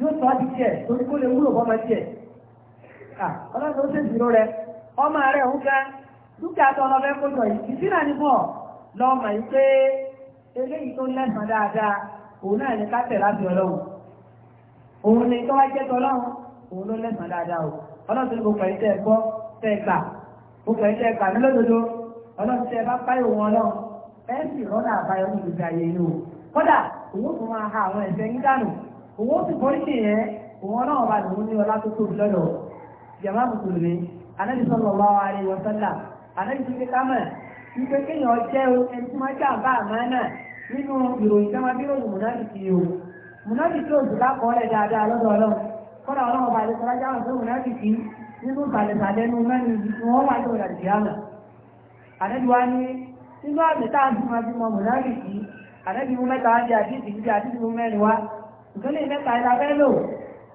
yóò tọ́ ti tiẹ̀ torí kó lè wúlò bọ́mọ tiẹ̀. ọlọ́run ó ṣe dúró rẹ ọmọ rẹ ń ga dúkìá tó lọ fẹ́ kójọ yìí ìsínà ní bọ̀ lọ́mọ yìí pé eléyìí tó lẹ́sàn dáadáa òun náà ní ká láti ọlọ́run òun ní jẹ́ òun ló lẹ́sàn o ọlọ́run tó tẹ́ gbọ́ lódodo ọlọ́run tẹ́ bá òun ó sì kọ́ ìṣe yẹn òun náà bá lòun ní ọlá tó lọ́dọ̀ anábì anábì tó fi kámẹ̀ kéèyàn jẹ́ ẹni tí máa nínú ìròyìn bí o mùnáfìkì bá kọ́ dáadáa lọ́dọ̀ ọlọ́run kọ́dà ọlọ́run ọba àti sọ́lájà wọn tó mùnáfìkì nínú ìbàlẹ̀sàlẹ̀ nínú mẹ́rin ìdí ìgbélé mẹ́ta ìlàbẹ́ lò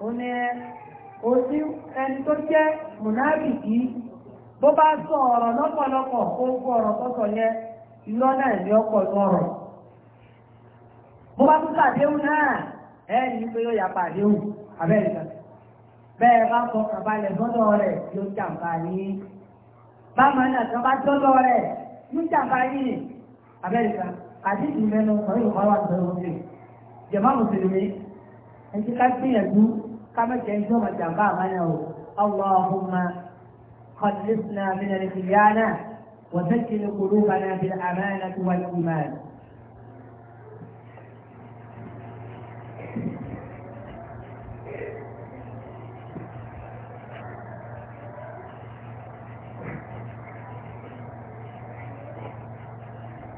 ó ní ojú ẹni tó jẹ́ mùnáàbìkì bó bá sọ ọ̀rọ̀ lọ́pọ̀lọpọ̀ ogun ọ̀rọ̀ tọ́sọ̀ yẹ irọ́ náà ní ọ̀pọ̀ ọ̀rọ̀ bó bá tún sàdéhùn náà ẹ̀ẹ́ni pé ó yàpá àdéhùn abẹ́ẹ̀kan bẹ́ẹ̀ bá kọ kàbalẹ̀ lọ́dọ̀ rẹ̀ yóò jàǹbá yín bámọ̀ náà kan bá tọ́lọ́ rẹ̀ yóò jàǹbá yín abẹ́ẹ̀kan àdéhùn mẹ́nu sọ̀rọ̀ ìwọ́n wà sọ̀rọ̀ ẹni ká gbìyànjú ká mẹ́tẹ̀ ẹni tó mọ̀ jàmbá àmánà o allahumma khallisna min al-khiyana wa zakkin qulubana bil amanati wal iman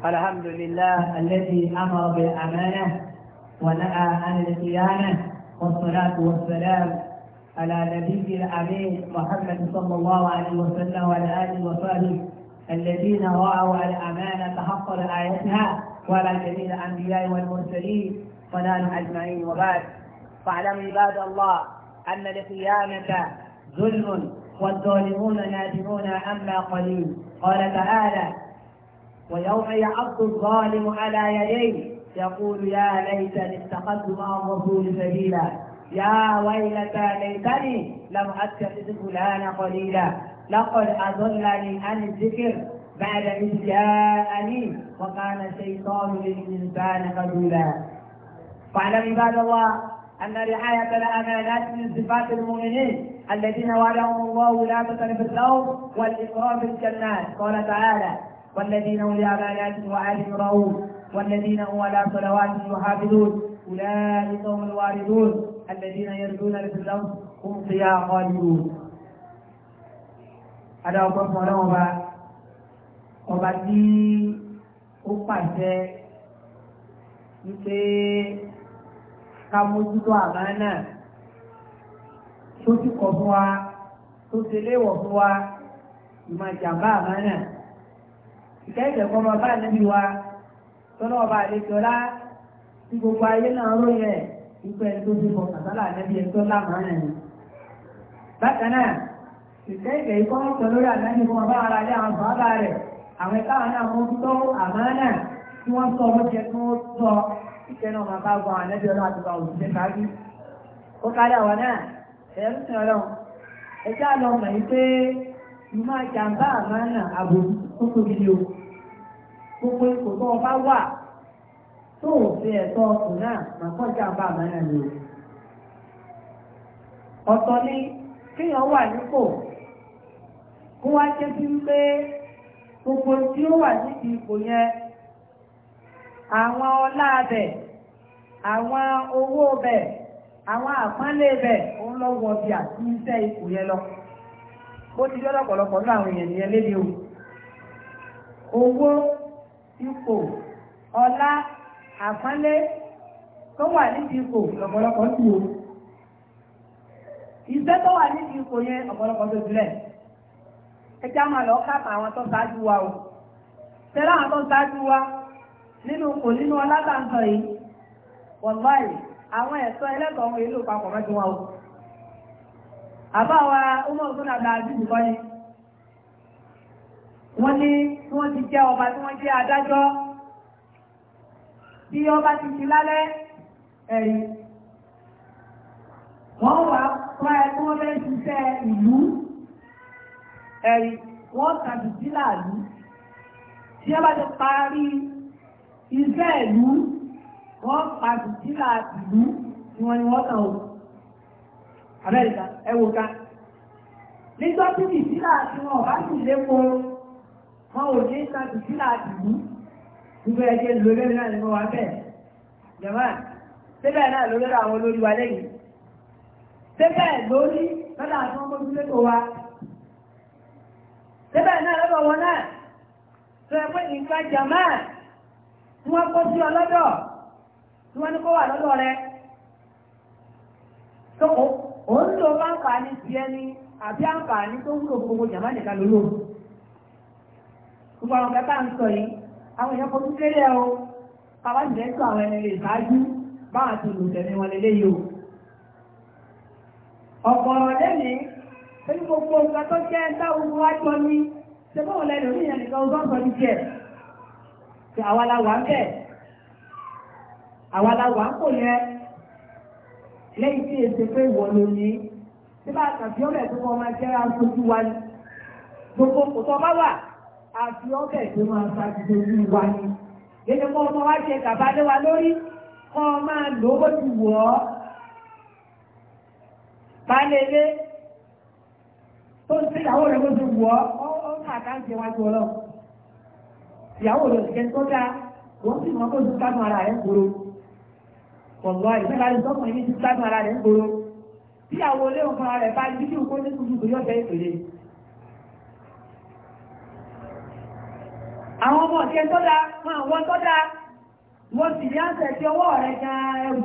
الحمد لله الذي امر بالامانه ونهى عن الخيانة والصلاة والسلام على نبي الأمين محمد صلى الله عليه وسلم وعلى آله وصحبه الذين رأوا الأمانة حق رعايتها وعلى جميع الأنبياء والمرسلين ونال أجمعين وبعد فاعلموا عباد الله أن الخيانة ظلم والظالمون نادمون عما قليل قال تعالى ويوم يعض الظالم على يديه يقول يا ليتني اتخذت مع الرسول سبيلا يا ويلتى ليتني لم اتخذ فلانا قليلا لقد اضلني عن الذكر بعد إذ جاءني وكان الشيطان للإنسان خذولا فاعلم عباد الله أن رعاية الأمانات من صفات المؤمنين الذين وعدهم الله لا في الثوب والإكرام في الجنات قال تعالى والذين هم لأماناتهم وعالم رؤوف والذين هم على صلواتهم يحافظون أولئك هم الواردون الذين يرجون الفردوس هم فيها خالدون ada ọgbọ́n fún ọlọ́wọ́n ọba ọba tí ó pàṣẹ wípé ká mójútó àmà náà tó ti kọ̀ fún wa tó ti léwọ̀ fún wa ìmọ̀ ìjàmbá àmà náà ìkẹ́kẹ̀ẹ́ kọ́ ọba bá nàbí wa tọ́lá ọba àlejò ọlá tí gbogbo ayé náà ròyìn ẹ̀ ipò ẹni tó ti bọ̀ kàtàlà ànábì ẹni tó lámàá rẹ̀ ni. bákan náà ìfẹ́ ìfẹ́ ikọ́ wọn pẹ̀lú rẹ̀ ànábì fún ọba ara rẹ̀ àwọn bàbá rẹ̀ àwọn ẹ̀ka àwọn náà mú tó àmọ́ náà tí wọ́n sọ ọmọ jẹ tó sọ ìfẹ́ náà máa bá gbọ́ ànábì ọlá àti bá òṣìṣẹ́ kárí. ó kárí àwọn náà ẹ̀rú sìn ọlọ́run ẹjẹ́ àlọ́ mọ̀ yìí pé mo máa jàǹbá àmọ́ náà àbò tó tóbi ni o. gbogbo ikò tó ọba wà tó ò fi ẹ̀tọ́ ọkùnrin náà máa kọjá bá àmọ́ ni o. ọ̀tọ̀ ni kéèyàn wà nípò kó wá jẹ́ sí pé gbogbo tí ó wà níbi ipò yẹn àwọn ọlá bẹ̀ àwọn owó bẹ̀ àwọn àpọ́nlé bẹ̀ lọ wọ bí àti iṣẹ́ ipò yẹn lọ ó ti o ipò ọlá àpọ́nlé tó wà níbi ipò lọ́pọ̀lọpọ̀ sí o iṣẹ́ tó wà níbi ipò yẹn ọ̀pọ̀lọpọ̀ tó jùlẹ̀ ẹjá máa lọ kápá àwọn tó ṣáájú wa o tẹ́lá àwọn tó ṣáájú wa nínú kò nínú ọlágbàǹtọ̀ yìí wọ̀lọ́ì àwọn ẹ̀tọ́ ẹlẹ́kọ̀ọ́ ìlú papọ̀ o ó mọ̀ wọ́n ní wọ́n ti jẹ́ ọba tí wọ́n jẹ́ adájọ́ bí ọba ti ti lálẹ́ ẹ̀rí wọ́n wà fún ẹ tí wọ́n fẹ́ ṣiṣẹ́ ìlú ẹ̀rí wọ́n kàdù sí làálù tí wọ́n bá ti parí iṣẹ́ ìlú wọ́n kàdù sí làálù ni wọ́n ni wọ́n kàn ó Amẹ́ríkà ẹ̀wò ká nígbà tí ìsílà tí wọ́n bá sì lépo wọn ò ní sáàtì sí láti wú gbogbo ẹgbẹ́ lórí náà ni wọ́n wá bẹ́ẹ̀ jẹ̀mọ́ síbẹ̀ náà lórí àwọn olórí wa lẹ́yìn síbẹ̀ lórí lọ́dọ̀ àti wọn mójú létò wa síbẹ̀ náà lọ́dọ̀ wọn náà tó ẹ pé nǹkan jẹ̀mọ́ tí wọ́n kó sí ọlọ́dọ̀ tí wọ́n ní kó wà lọ́dọ̀ rẹ tó òun ń fà á ní tiẹ̀ ní àbí àǹfààní tó wúlò gbogbo jàmá gbogbo àwọn kẹta ń sọ yìí àwọn èèyàn fojú kéré o káwá ìjẹ́ sọ àwọn ẹni rè ṣáájú bá àti olùtẹ̀mí wọn lélẹ́yìí o ọ̀pọ̀rọ̀ lẹ́nìí pẹ̀lú gbogbo nǹkan tó jẹ́ táwọn ohun wájọ ní ṣe bóun lẹ́nu ní ìyẹn nìkan ọgbọ́n sọ ní tiẹ̀ tí àwa la wà ń bẹ̀ àwa bá a kàn fi ọ̀rẹ́ tó kọ́ máa jẹ́ aṣojú wa ni gbogbo kò tọ́ bá wà àti ọbẹ̀ tó máa ṣàtìjọ orí wa ni. Gẹ́gẹ́ kọ́ ọmọ wa jẹ gàba lé wa lórí, kọ́ ọ máa lò ó ti wọ̀ ọ́. Balẹ̀lé tó ń sí ìyàwó rẹ̀ ló ti wọ̀ ọ́, ó ń kàkà ń ṣe wá ju ọlọ́. Ìyàwó rẹ̀ ti jẹ tó dáa, wọ́n sì mọ kó ti gbádùn ara rẹ̀ gbòòrò. Ọ̀gbọ́n ìfẹ́lá lè sọ́kùn ẹni ti gbádùn ara rẹ̀ gbòòrò. Bí àwọn olé àwọn ọmọ ọ̀tẹ́ tó dáa fún àwọn tó dáa mo sì ní àṣẹ tí ọwọ́ rẹ̀ gan ẹrù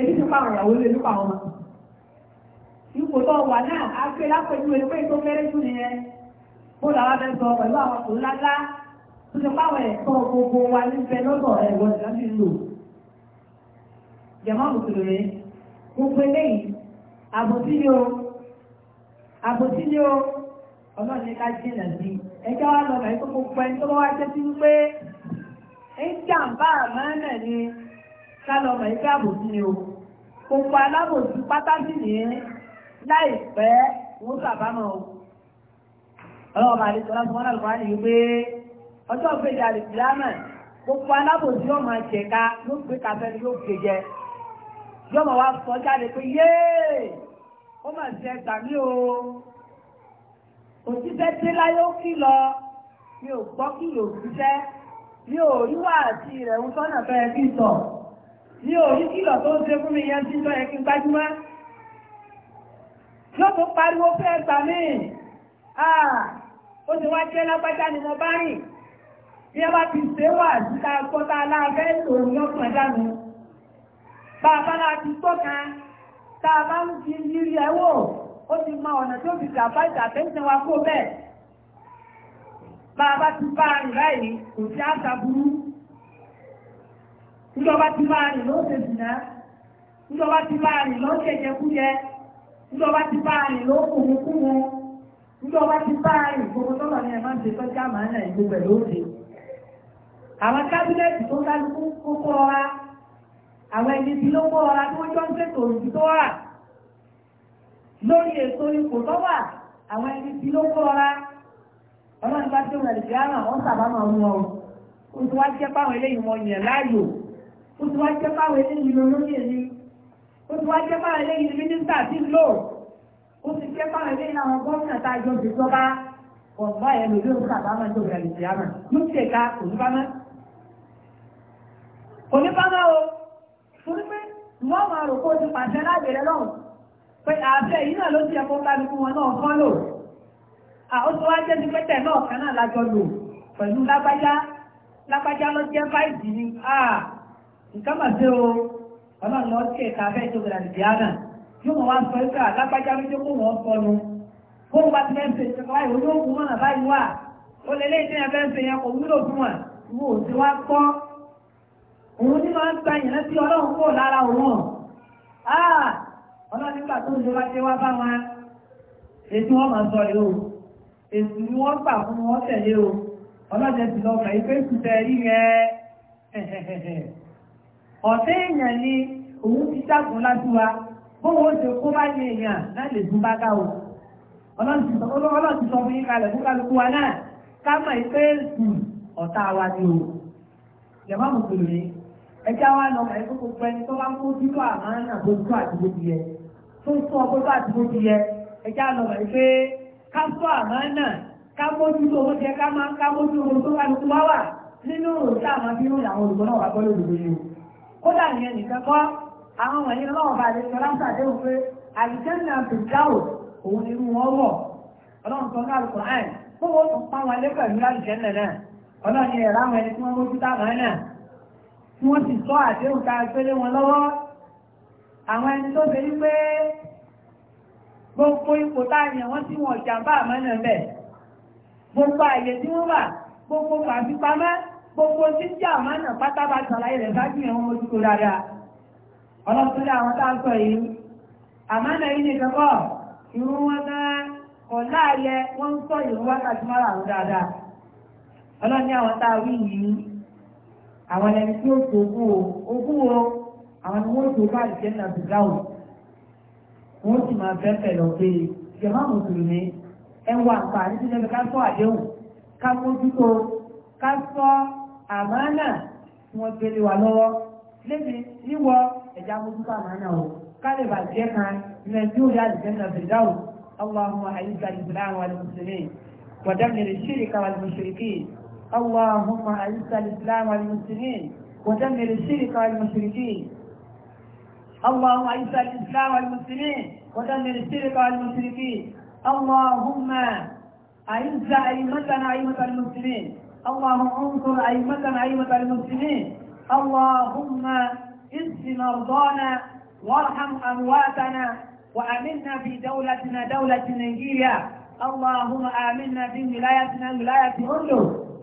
èyí ti pa àwọn ìyàwó lé nípa àwọn ọmọ ipò tó wà náà á gbé lápẹjú ẹni pé tó kéré jù nìyẹn bó làwọn abẹ sọ pẹ̀lú àwọn kò ńláńlá tó ti pàwọ̀ ẹ̀kọ́ gbogbo wa níbẹ̀ lọ́dọ̀ ẹ̀wọ̀n ìdájú lò jẹ̀mọ́ mùsùlùmí gbogbo eléyìí àbòsí ni o àbòsí ni o ọlọ́run ní ká jìnà sí i ẹjọ́ wá lọ bẹ̀rẹ̀ tó gbogbo ẹni tó bá wá jẹ́ sí wípé ń jàǹbá àmọ́nà ni ká lọ bẹ̀rẹ̀ pé àbòsí ni o gbogbo alábòsí pátásì nìyẹn láìpẹ́ wọ́n sàbámọ̀ o ọlọ́wọ́ bá àdéṣọ́lá fún wọn àlùkò àlè wípé ọjọ́ ìgbèjì àlùkìlámà gbogbo alábòsí yóò máa jẹ̀ka yóò gbé kafẹ́ ni yóò gbé jẹ yóò máa wá sọ jáde pé yéé ó máa jẹ gbàmí o òṣìṣẹ́ tí láyé ó kí lọ mi ò gbọ́ kí lò ṣiṣẹ́ mi ò rí wà àti ìrẹ̀hún sọ́nà tó yẹ kí n sọ mi ò rí kìlọ̀ tó ń ṣe fún mi yẹn sí tó yẹ kí n gbájúmọ́ yóò tó pariwo fẹ́ gbà mí ó ti wá jẹ́ lágbájá ni mo bá rìn bí ẹ bá ti ṣe wà síta gbọ́ta aláàfẹ́ òun lọ́kàn dànù bá a bá láti gbọ́ kan tá a bá ń fi yírí ẹ̀ wò ó ti mọ ọ̀nà tó fi gbà fáìtì àtẹ́sìn wa kó bẹ́ẹ̀ bá a bá ti bá a rìn báyìí kò sí àṣà burú ìjọba ti bá a rìn ló ṣe dùnà ìjọba ti bá a rìn ló ṣe jẹkújẹ ìjọba ti bá a rìn ló kùnkùnkùn ìjọba ti bá a rìn gbogbo tọ́lọ̀ ni ẹ̀ máa ń ṣe tọ́jú àmàlà pẹ̀lú òde àwọn kábínẹ̀tì tó kálukú kó kó ọra àwọn ẹni tí ló kó ọra tí wọ́n ń ṣètò òbí tó rà lórí ètò ipò tó wà àwọn ẹni tí ló kọ́ ra ọlọ́run bá tó rẹ̀ lè ara wọn sábà máa ń wọn o tí wá jẹ́ báwọn eléyìí wọn yẹn láàyò o tí wá jẹ́ báwọn eléyìí lólóyè ni o tí wá jẹ́ báwọn eléyìí mínísítà tí ń lò o ti jẹ́ báwọn eléyìí àwọn gómìnà tá a jọ ti jọba ọ̀gbọ́n ẹ̀ lórí òun sábà máa tó rẹ̀ lè ara ló ń tẹ̀ka oníbámẹ́ o torí pé wọ́n máa rò kó o ti pàṣẹ láàbẹ̀rẹ̀ lọ́hùn pé ààbẹ̀ yìí náà ló ti ẹ̀kọ́ kálukú wọn náà kán lò ó tó wá jẹ́ dípẹ́tẹ̀ náà kan náà lájọ lò pẹ̀lú lágbájá lágbájá ló jẹ́ fáìdì ni nǹkan mà sí o ọlọ́run lọ sí ẹ̀ka abẹ́ tó gbẹ̀dà nìdí àná yóò wọ́n wá sọ pé lágbájá ló jẹ́ kó wọ́n kọnu kó wọ́n bá ti fẹ́ ṣe ìṣẹ̀kọ́ báyìí ojú òkú mọ́nà báyìí wà ó lè lé ìṣẹ́yà fẹ́ ṣe yẹn kò wúlò fún wa wo ò ti wá kọ́ òun ní máa ń gba ìyẹn sí ọlọ́run kó lára òun ọlọ́nígbà tó ń lọ wájé wá bá wọn ètò wọn máa sọ yìí o ètò ni wọ́n gbà fún wọn tẹ̀lé o ọlọ́jẹ ti lọ gbà yìí pé kùtẹ ti láti wa bóun ó ṣe kó bá èèyàn náà lè bá ká o sọ fún yín kalẹ̀ fún kálukú wa náà ká mọ̀ yìí pé ọ̀tá wa tó ń fún ọgbẹ́ bá ti bó ti yẹ ẹjá lọ bàí pé ká fọ́ àmọ́ náà ká mójú tó wọ́n jẹ ká máa ká mójú ohun tó wà lóko wá nínú òun tá a máa fi ròyìn àwọn olùkọ́ náà wà gbọ́dọ̀ lòdò yìí kódà ìyẹn nìkan kọ́ àwọn wọ̀nyí lọ́wọ́ bá lè sọ lásàdé òun pé àlùjẹ́nà bìdáwò òun ni irú wọn wọ̀ ọlọ́run sọ ní àlùkò àìn tó wọ́n tún pa wọn lẹ́kọ̀ọ́ ìlú àlùjẹ́nà náà ọlọ́run ni ẹ̀rọ àwọn ẹni tí wọ́n mójú táwọn náà tí wọ́n sì sọ àdéhùn tá a gbélé wọn lọ́wọ́ àwọn ẹni tó ṣe wípé gbogbo ipò táàyàn wọ́n tí wọ́n jàmbá àmọ́nà bẹ̀ gbogbo àyè tí wọ́n wà gbogbo pàfipamọ́ gbogbo tí tí àmọ́nà pátábà sàlàyé rẹ̀ sáájú yẹn wọ́n mójútó dáadáa ọlọ́tún lé àwọn tá a sọ yìí àmọ́nà yìí nìkan kọ́ ìrún wọn náà kọ̀ láàyè wọ́n ń sọ ìrún wákàtí mọ́ra àwọn dáadáa ọlọ́ni àwọn tá yìí àwọn ẹni tí ó gbogbo ogún o àwọn ni wọ́n tó bá ìjẹ́ náà ti dáhùn wọ́n sì máa fẹ́ fẹ́ lọ pé jẹ̀má mùsùlùmí ẹ wà pa àdídí lẹ́nu ká sọ àdéhùn ká mójútó ká sọ àmánà tí wọ́n gbélé wa lọ́wọ́ lébi níwọ ẹ̀já mójútó àmánà o ká lè bàjẹ́ kan nàìjíríà ìjẹ́ náà ti dáhùn اللهم أعز الإسلام والمسلمين ودمر الشرك والمشركين اللهم أعز الإسلام والمسلمين ودمر الشرك والمشركين اللهم اعز الاسلام والمسلمين ودمر الشرك والمشركين اللهم اعز ائمتنا ائمه المسلمين اللهم انصر ائمتنا ائمه المسلمين اللهم اشف مرضانا وارحم امواتنا وامنا في دولتنا دوله نيجيريا اللهم امنا في ولايتنا ولايه اردن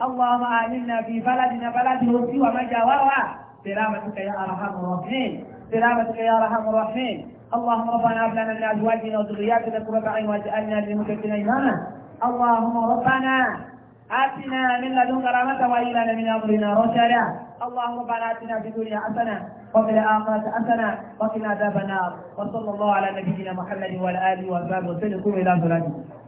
اللهم امنا في بلدنا بلد وما ومجاورها سلامتك يا ارحم الراحمين برحمتك يا ارحم الراحمين اللهم ربنا هب لنا من ازواجنا وذرياتنا قرة اعين واجعلنا للمتقين اماما اللهم ربنا اتنا من لدنك رحمة واجعلنا من امرنا رشدا اللهم ربنا اتنا في الدنيا حسنة وفي الآخرة حسنة وقنا عذاب النار وصلى الله على نبينا محمد وعلى آله وصحبه وسلم إلى صلاته